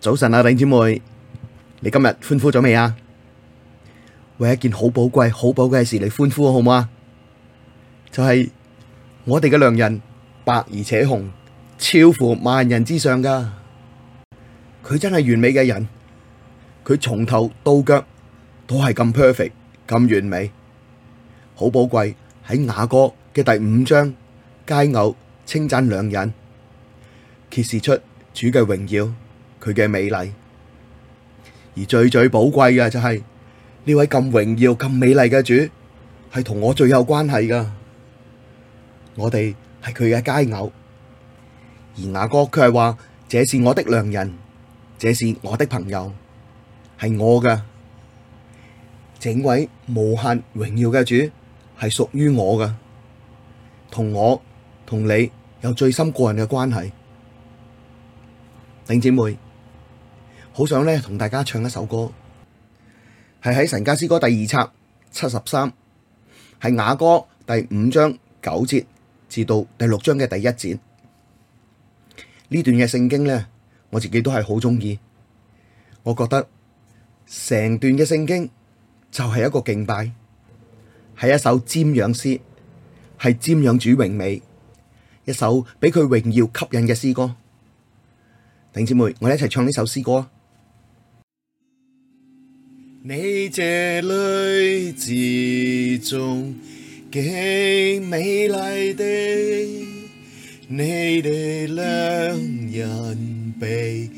早晨啊，弟兄姊妹，你今日歡呼咗未啊？為一件好寶貴、好寶貴嘅事，嚟歡呼好唔好啊？就係我哋嘅良人，白而且紅，超乎萬人之上噶。佢真係完美嘅人，佢從頭到腳都係咁 perfect，咁完美，好寶貴。喺雅歌嘅第五章，佳偶稱讚良人，揭示出主嘅榮耀。佢嘅美麗，而最最寶貴嘅就係、是、呢位咁榮耀、咁美麗嘅主，係同我最有關係噶。我哋係佢嘅佳偶，而雅歌卻係話，這是我的良人，這是我的朋友，係我嘅。整位無限榮耀嘅主係屬於我嘅，同我同你有最深個人嘅關係，弟兄姊妹。好想咧同大家唱一首歌，係喺《神家詩歌》第二冊七十三，係雅歌第五章九節至到第六章嘅第一節呢段嘅聖經咧，我自己都係好中意。我覺得成段嘅聖經就係一個敬拜，係一首瞻仰詩，係瞻仰主榮美，一首俾佢榮耀吸引嘅詩歌。弟兄姊妹，我哋一齊唱呢首詩歌。你這女子中極美麗的，你的良人比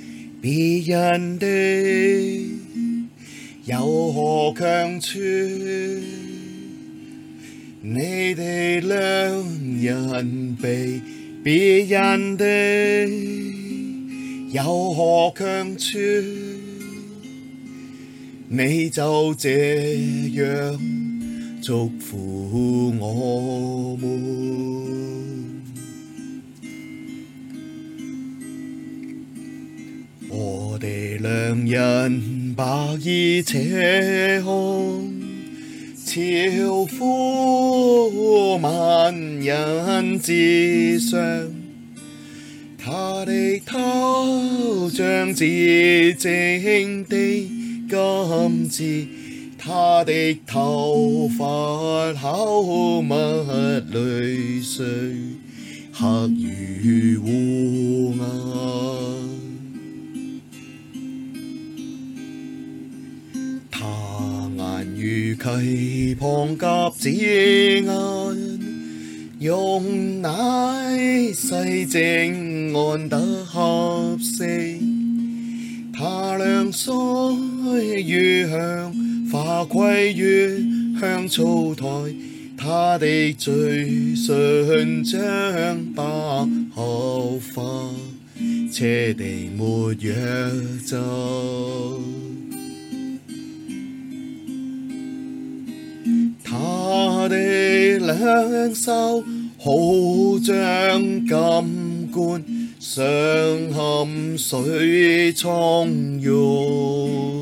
別人的有何強處？你的良人比別人的有何強處？你就這樣囑咐我們。我的良人白而且紅，超乎萬人之上，他的頭像至精的。今次他的頭髮厚密，纍垂黑如烏鴉。他眼如溪旁鴿子眼，用奶洗淨安得合適。他兩腮。如香花畦，如香草臺，他的嘴唇像百合花，且滴沒藥汁，他的兩手好像金管，鑲嵌水蒼玉。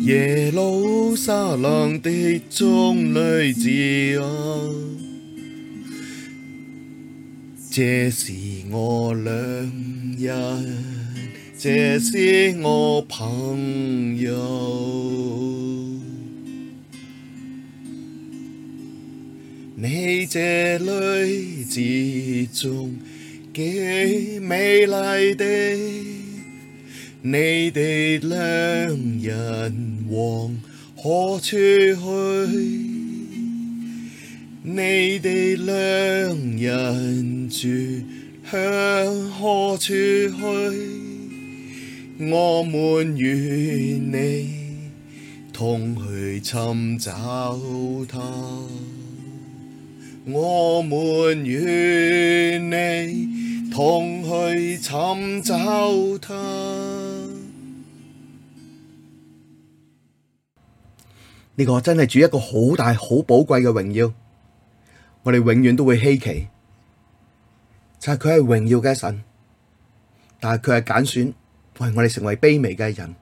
耶路撒冷的眾女子，啊，這是我良人，這是我朋友。你這女子中極美麗的，你的良人往何處去？你的良人轉向何處去？我們與你同去尋找他。我們與你同去尋找他。呢個真係主一個好大，好寶貴嘅榮耀，我哋永遠都會稀奇，就係佢係榮耀嘅神，但係佢係揀選為我哋成為卑微嘅人，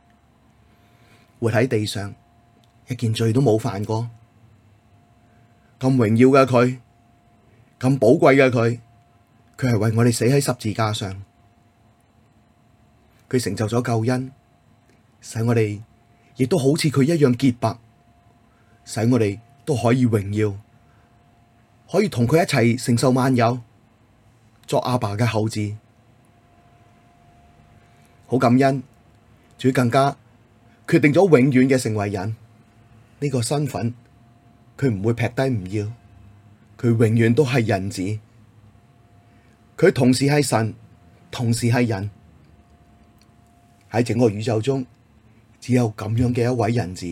活喺地上，一件罪都冇犯過，咁榮耀嘅佢，咁寶貴嘅佢，佢係為我哋死喺十字架上，佢成就咗救恩，使我哋亦都好似佢一樣潔白。使我哋都可以榮耀，可以同佢一齊承受萬有，作阿爸嘅後子，好感恩。主更加決定咗永遠嘅成為人呢、這個身份，佢唔會撇低唔要，佢永遠都係人子。佢同時係神，同時係人。喺整個宇宙中，只有咁樣嘅一位人子。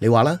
你話啦？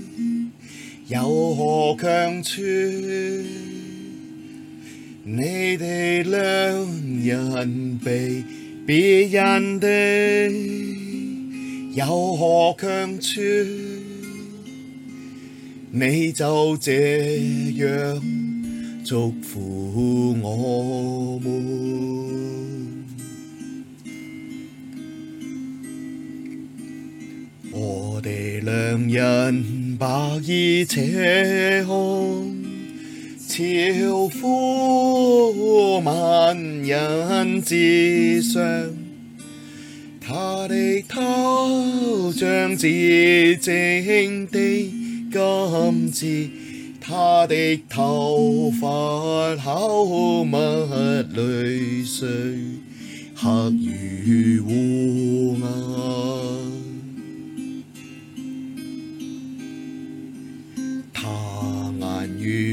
有何強處？你的良人比別人的有何強處？你就這樣囑咐我們，我的良人。白而且紅，超乎萬人之上，他的頭像至精的金子，他的頭髮厚密纍垂，黑如烏鴉。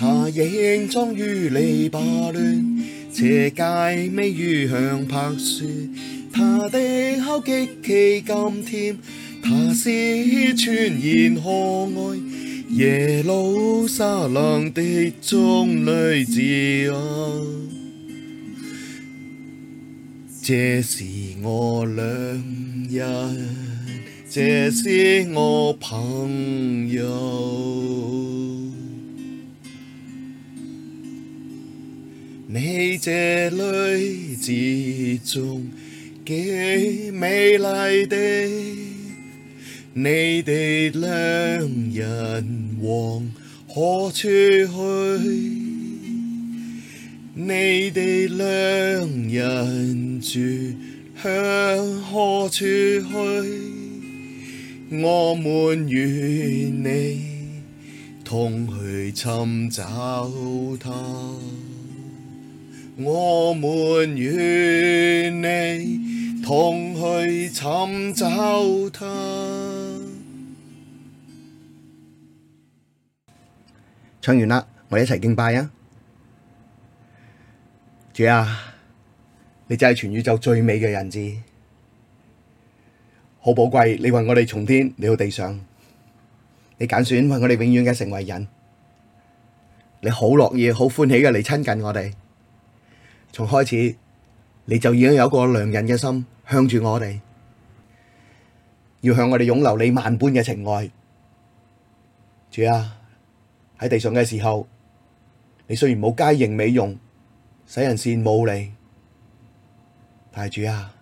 他形狀如利巴嫩，且佳美如香柏樹，他的口極其甘甜，他是全然可愛，耶路撒冷的眾女子、啊，這是我良人，這是我朋友。你這女子中極美麗的，你的良人往何處去？你的良人轉向何處去？我們與你同去尋找他。我們與你同去尋找他。唱完啦，我哋一齊敬拜啊！主啊，你真係全宇宙最美嘅人子，好寶貴！你為我哋從天，你到地上，你揀選為我哋永遠嘅成為人，你好樂意、好歡喜嘅嚟親近我哋。從開始你就已經有一個良人嘅心向住我哋，要向我哋湧流你萬般嘅情愛。主啊，喺地上嘅時候，你雖然冇佳形美容，使人羨慕你，但係主啊，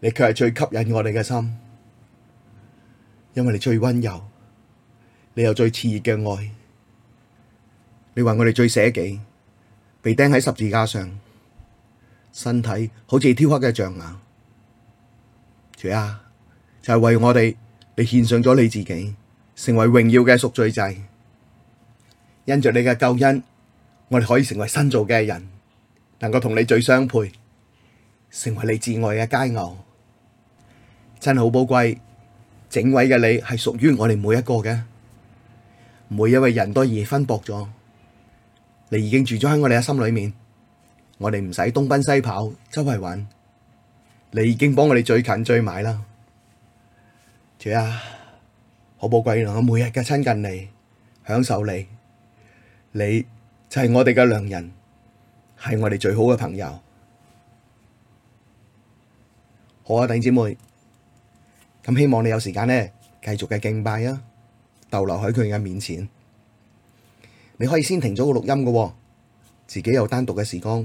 你卻係最吸引我哋嘅心，因為你最温柔，你又最熾熱嘅愛。你話我哋最捨己，被釘喺十字架上。身體好似雕刻嘅象牙，主啊，就係、是、為我哋，你獻上咗你自己，成為榮耀嘅贖罪祭。因着你嘅救恩，我哋可以成為新造嘅人，能夠同你最相配，成為你至愛嘅佳偶。真係好寶貴，整位嘅你係屬於我哋每一個嘅，唔會因為人多而分薄咗。你已經住咗喺我哋嘅心裏面。我哋唔使東奔西跑，周圍揾，你已經幫我哋最近最買啦，主啊，好寶貴啊！我每日嘅親近你，享受你，你就係我哋嘅良人，係我哋最好嘅朋友，好啊，弟兄姊妹，咁希望你有時間呢，繼續嘅敬拜啊，逗留喺佢嘅面前，你可以先停咗個錄音噶喎，自己有單獨嘅時光。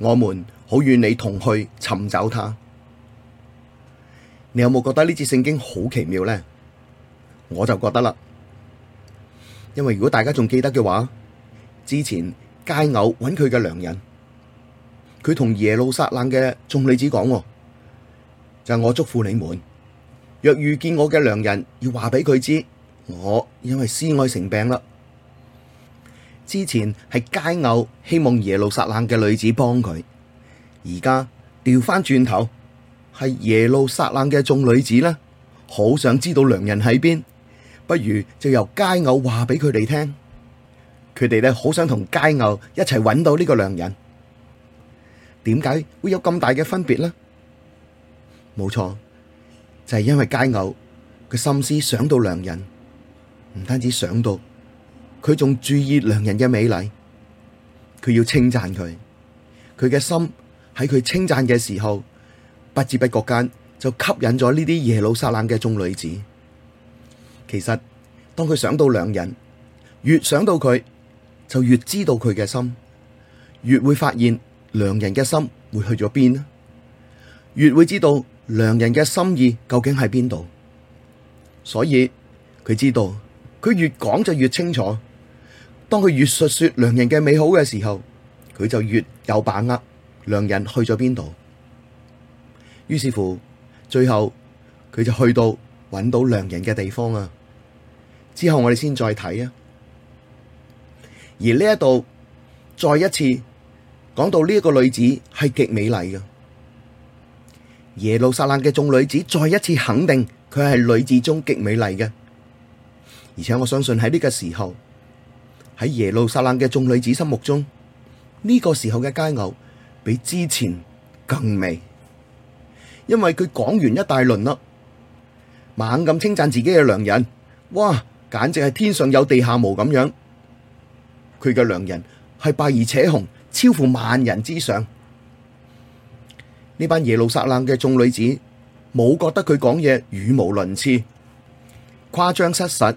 我們好與你同去尋找他。你有冇覺得呢次聖經好奇妙呢？我就覺得啦，因為如果大家仲記得嘅話，之前佳偶揾佢嘅良人，佢同耶路撒冷嘅眾女子講，就係、是、我囑咐你們，若遇見我嘅良人，要話俾佢知，我因為思愛成病啦。之前係佳偶希望耶路撒冷嘅女子幫佢，而家掉返轉頭係耶路撒冷嘅眾女子啦，好想知道良人喺邊，不如就由佳偶話俾佢哋聽，佢哋咧好想同佳偶一齊揾到呢個良人。點解會有咁大嘅分別呢？冇錯，就係因為佳偶佢心思想到良人，唔單止想到。佢仲注意良人嘅美麗，佢要稱讚佢，佢嘅心喺佢稱讚嘅時候，不知不覺間就吸引咗呢啲耶路撒冷嘅眾女子。其實當佢想到良人，越想到佢，就越知道佢嘅心，越會發現良人嘅心會去咗邊，越會知道良人嘅心意究竟喺邊度。所以佢知道，佢越講就越清楚。當佢越述說良人嘅美好嘅時候，佢就越有把握良人去咗邊度。於是乎，最後佢就去到搵到良人嘅地方啊！之後我哋先再睇啊。而呢一度，再一次講到呢一個女子係極美麗嘅，耶路撒冷嘅眾女子再一次肯定佢係女子中極美麗嘅。而且我相信喺呢個時候。喺耶路撒冷嘅眾女子心目中，呢個時候嘅佳偶比之前更美，因為佢講完一大輪啦，猛咁稱讚自己嘅良人，哇，簡直係天上有地下無咁樣，佢嘅良人係白而且紅，超乎萬人之上。呢班耶路撒冷嘅眾女子冇覺得佢講嘢語無倫次、誇張失實。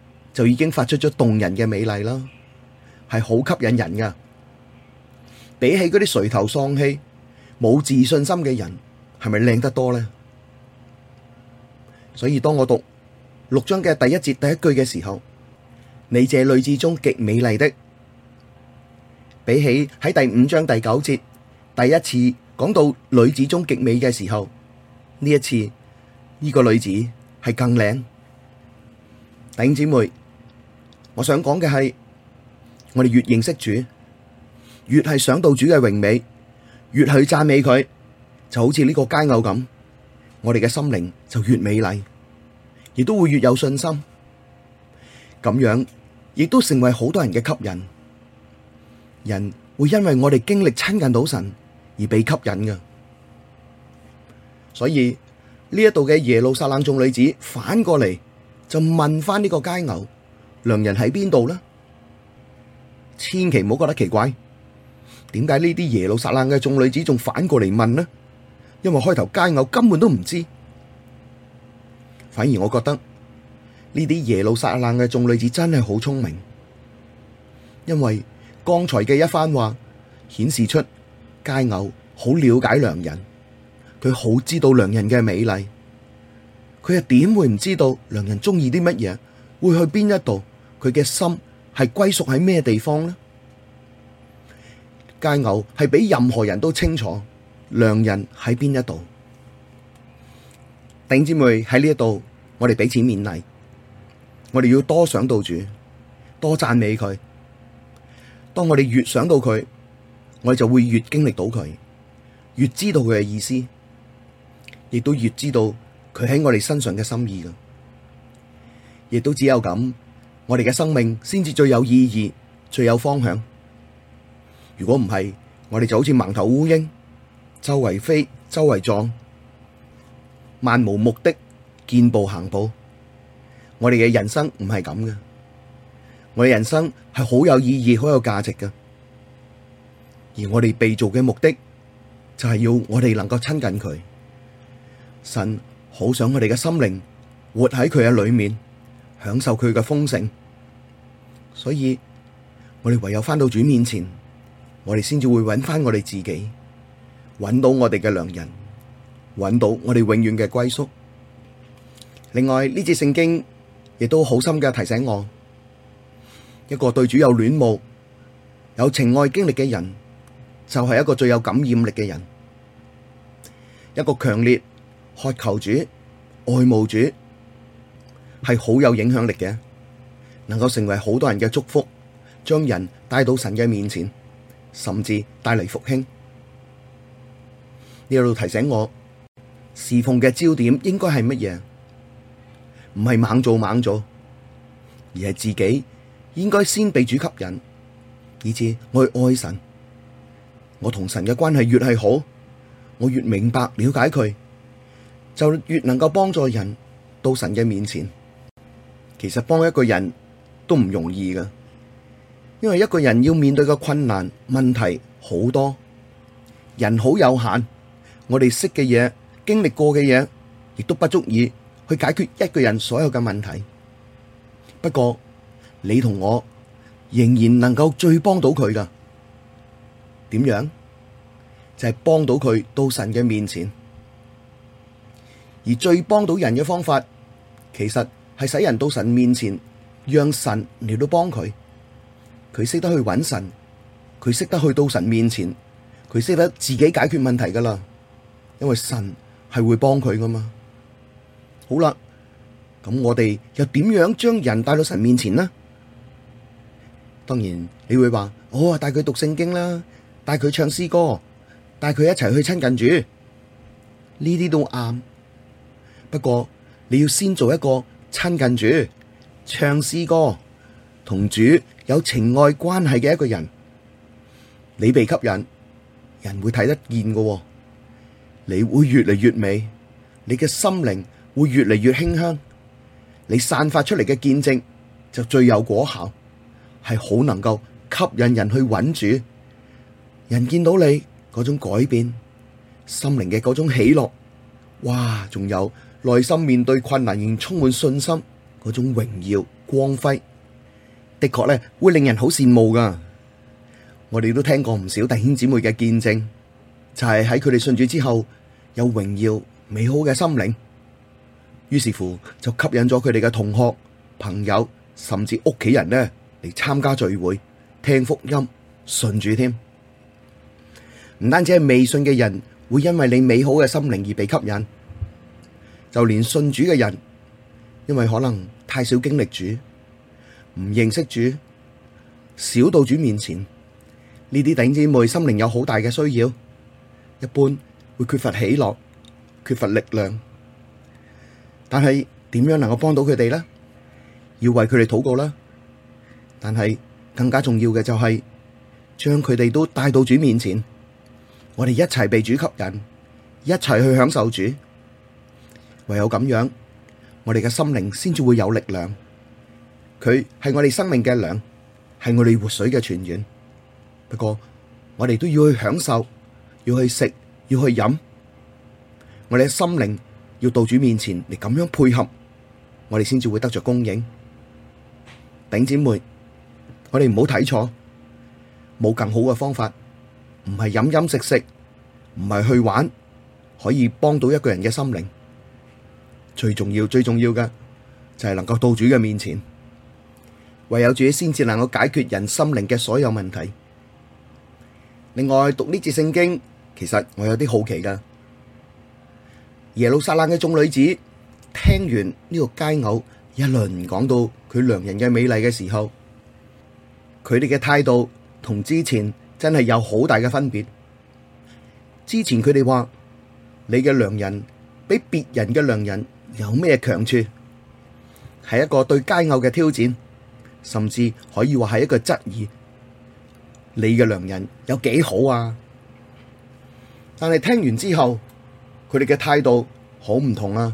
就已經發出咗動人嘅美麗啦，係好吸引人噶。比起嗰啲垂頭喪氣、冇自信心嘅人，係咪靚得多呢？所以當我讀六章嘅第一節第一句嘅時候，你這女子中極美麗的，比起喺第五章第九節第一次講到女子中極美嘅時候，呢一次，呢個女子係更靚，頂姊妹。我想講嘅係，我哋越認識主，越係想到主嘅榮美，越去讚美佢，就好似呢個佳偶咁，我哋嘅心靈就越美麗，亦都會越有信心。咁樣亦都成為好多人嘅吸引，人會因為我哋經歷親近到神而被吸引嘅。所以呢一度嘅耶路撒冷眾女子，反過嚟就問翻呢個佳偶。良人喺邊度呢？千祈唔好覺得奇怪，點解呢啲耶路撒冷嘅眾女子仲反過嚟問呢？因為開頭佳偶根本都唔知，反而我覺得呢啲耶路撒冷嘅眾女子真係好聰明，因為剛才嘅一番話顯示出佳偶好了解良人，佢好知道良人嘅美麗，佢又點會唔知道良人中意啲乜嘢，會去邊一度？佢嘅心係歸屬喺咩地方呢？介牛係比任何人都清楚良人喺邊一度。頂姐妹喺呢一度，我哋彼此勉勵，我哋要多想到主，多讚美佢。當我哋越想到佢，我哋就會越經歷到佢，越知道佢嘅意思，亦都越知道佢喺我哋身上嘅心意噶。亦都只有咁。我哋嘅生命先至最有意義、最有方向。如果唔係，我哋就好似盲頭烏蠅，周圍飛、周圍撞，漫無目的，見步行步。我哋嘅人生唔係咁嘅，我哋人生係好有意義、好有價值嘅。而我哋被造嘅目的，就係、是、要我哋能夠親近佢。神好想我哋嘅心靈活喺佢嘅裏面，享受佢嘅豐盛，所以我哋唯有翻到主面前，我哋先至會搵翻我哋自己，搵到我哋嘅良人，搵到我哋永遠嘅歸宿。另外呢節聖經亦都好心嘅提醒我，一個對主有戀慕、有情愛經歷嘅人，就係、是、一個最有感染力嘅人，一個強烈渴求主、愛慕主，係好有影響力嘅，能夠成為好多人嘅祝福，將人帶到神嘅面前，甚至帶嚟復興。呢度提醒我，侍奉嘅焦點應該係乜嘢？唔係猛做猛做，而係自己應該先被主吸引，以致我去愛神。我同神嘅關係越係好，我越明白了解佢，就越能夠幫助人到神嘅面前。其實幫一個人都唔容易噶，因為一個人要面對嘅困難問題好多，人好有限，我哋識嘅嘢、經歷過嘅嘢，亦都不足以去解決一個人所有嘅問題。不過你同我仍然能夠最幫到佢噶，點樣？就係幫到佢到神嘅面前，而最幫到人嘅方法，其實。係使人到神面前，讓神嚟到幫佢。佢識得去揾神，佢識得去到神面前，佢識得自己解決問題噶啦。因為神係會幫佢噶嘛。好啦，咁我哋又點樣將人帶到神面前呢？當然你會話，我、哦、啊帶佢讀聖經啦，帶佢唱詩歌，帶佢一齊去親近主。呢啲都啱，不過你要先做一個。親近主，唱詩歌，同主有情愛關係嘅一個人，你被吸引，人會睇得見㗎，你會越嚟越美，你嘅心靈會越嚟越馨香，你散發出嚟嘅見證就最有果效，係好能夠吸引人去搵主，人見到你嗰種改變，心靈嘅嗰種喜樂，哇，仲有。內心面對困難仍充滿信心，嗰種榮耀光輝，的確咧會令人好羨慕噶。我哋都聽過唔少弟兄姊妹嘅見證，就係喺佢哋信主之後有榮耀美好嘅心靈，於是乎就吸引咗佢哋嘅同學、朋友甚至屋企人咧嚟參加聚會，聽福音，信主添。唔單止係未信嘅人會因為你美好嘅心靈而被吸引。就連信主嘅人，因為可能太少經歷主，唔認識主，少到主面前，呢啲弟兄姊妹心靈有好大嘅需要，一般會缺乏喜樂，缺乏力量。但係點樣能夠幫到佢哋呢？要為佢哋禱告啦。但係更加重要嘅就係、是，將佢哋都帶到主面前，我哋一齊被主吸引，一齊去享受主。唯有咁樣，我哋嘅心靈先至會有力量。佢係我哋生命嘅糧，係我哋活水嘅泉源。不過我哋都要去享受，要去食，要去飲。我哋嘅心靈要到主面前嚟咁樣配合，我哋先至會得着供應。頂姊妹，我哋唔好睇錯，冇更好嘅方法，唔係飲飲食食，唔係去玩，可以幫到一個人嘅心靈。最重要、最重要嘅就係、是、能夠到主嘅面前，唯有自己先至能夠解決人心靈嘅所有問題。另外讀呢節聖經，其實我有啲好奇㗎。耶路撒冷嘅眾女子聽完呢個佳偶一輪講到佢良人嘅美麗嘅時候，佢哋嘅態度同之前真係有好大嘅分別。之前佢哋話你嘅良人比別人嘅良人。有咩強處？係一個對佳偶嘅挑戰，甚至可以話係一個質疑你嘅良人有幾好啊！但係聽完之後，佢哋嘅態度好唔同啊，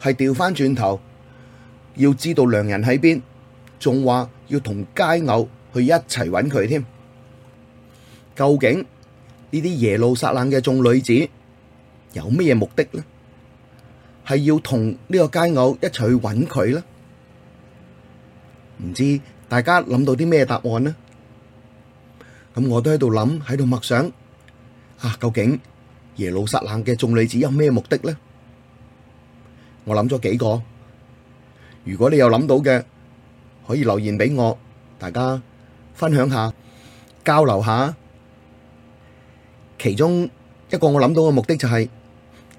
係調翻轉頭，要知道良人喺邊，仲話要同佳偶去一齊揾佢添。究竟呢啲耶路撒冷嘅眾女子有咩目的呢？係要同呢個街偶一齊去揾佢啦，唔知大家諗到啲咩答案呢？咁我都喺度諗，喺度默想啊，究竟耶路撒冷嘅眾女子有咩目的呢？我諗咗幾個，如果你有諗到嘅，可以留言俾我，大家分享下、交流下。其中一個我諗到嘅目的就係……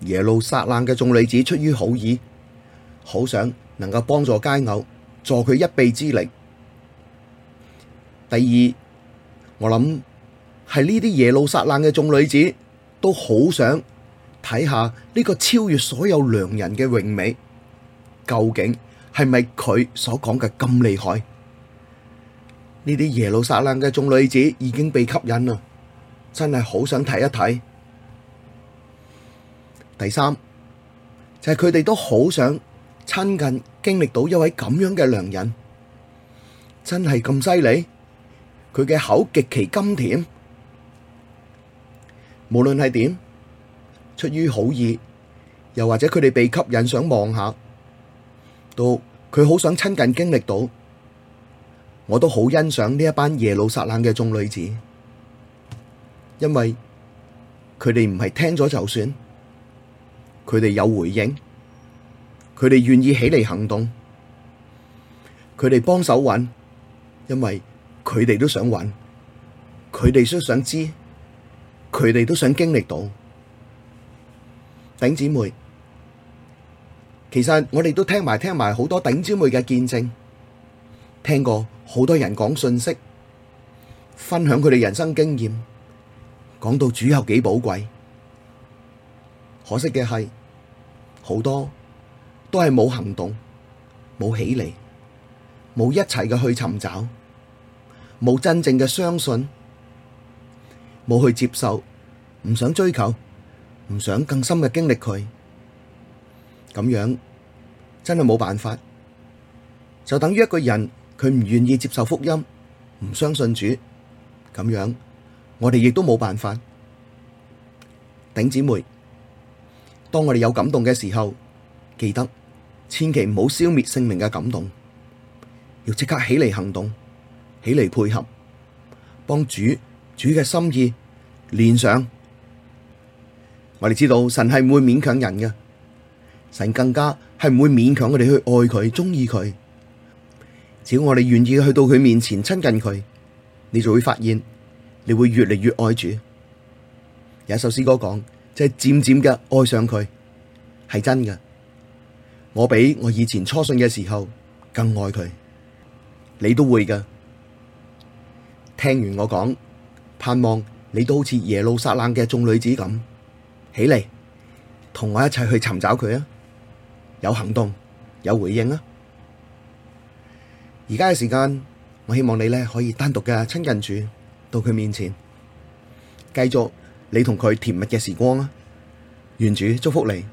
耶路撒冷嘅眾女子出於好意，好想能夠幫助佳偶，助佢一臂之力。第二，我諗係呢啲耶路撒冷嘅眾女子都好想睇下呢個超越所有良人嘅榮美，究竟係咪佢所講嘅咁厲害？呢啲耶路撒冷嘅眾女子已經被吸引啦，真係好想睇一睇。第三就係佢哋都好想親近，經歷到一位咁樣嘅良人，真係咁犀利，佢嘅口極其甘甜。無論係點，出於好意，又或者佢哋被吸引想望下，到佢好想親近經歷到。我都好欣賞呢一班耶路撒冷嘅眾女子，因為佢哋唔係聽咗就算。佢哋有回應，佢哋願意起嚟行動，佢哋幫手揾，因為佢哋都想揾，佢哋都想知，佢哋都想經歷到。頂姊妹，其實我哋都聽埋聽埋好多頂姊妹嘅見證，聽過好多人講信息，分享佢哋人生經驗，講到主有幾寶貴。可惜嘅係，好多都係冇行動，冇起嚟，冇一齊嘅去尋找，冇真正嘅相信，冇去接受，唔想追求，唔想更深嘅經歷佢，咁樣真係冇辦法，就等於一個人佢唔願意接受福音，唔相信主，咁樣我哋亦都冇辦法，頂姊妹。當我哋有感動嘅時候，記得千祈唔好消滅聖靈嘅感動，要即刻起嚟行動，起嚟配合，幫主主嘅心意連上。我哋知道神係唔會勉強人嘅，神更加係唔會勉強我哋去愛佢、中意佢。只要我哋願意去到佢面前親近佢，你就會發現你會越嚟越愛主。有一首詩歌講。即係漸漸嘅愛上佢，係真嘅。我比我以前初信嘅時候更愛佢，你都會噶。聽完我講，盼望你都好似耶路撒冷嘅眾女子咁，起嚟同我一齊去尋找佢啊！有行動，有回應啊！而家嘅時間，我希望你咧可以單獨嘅親近主，到佢面前，繼續。你同佢甜蜜嘅時光啊！願主祝福你。